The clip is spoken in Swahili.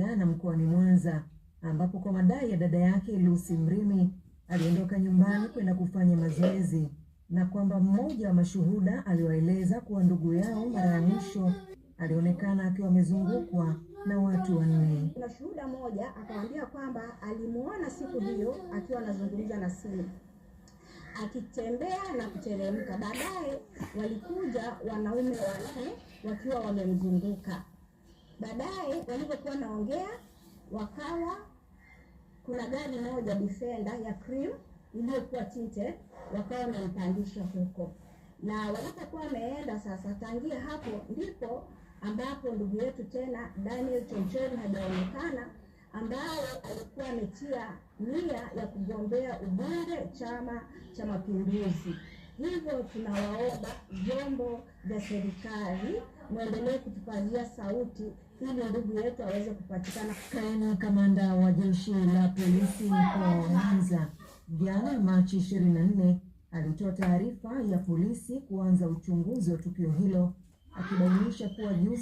jana mkoani Mwanza ambapo kwa madai ya dada yake Lucy Mrimi aliondoka nyumbani kwenda kufanya mazoezi na kwamba mmoja wa mashuhuda aliwaeleza kuwa ndugu yao mara ya mwisho alionekana akiwa amezungukwa na watu wanne. Kuna shuhuda moja akamwambia kwamba alimuona siku hiyo akiwa anazungumza na simu akitembea na kuteremka. Baadaye walikuja wanaume wanne wakiwa wamemzunguka. Baadaye walivyokuwa naongea, wakawa kuna gari moja Defender ya cream iliyokuwa tinte, wakawa wamempandisha huko, na walipokuwa wameenda sasa, tangia hapo ndipo ambapo ndugu yetu tena Daniel Chonchori hajaonekana, ambaye alikuwa ametia nia ya kugombea ubunge Chama cha Mapinduzi. Hivyo tunawaomba vyombo vya serikali mwendelee kutupazia sauti ili ndugu yetu aweze kupatikana. Kaimu kamanda wa jeshi la polisi mkoa wa Mwanza jana Machi 24 alitoa taarifa ya polisi kuanza uchunguzi wa tukio hilo akibainisha kuwa juzi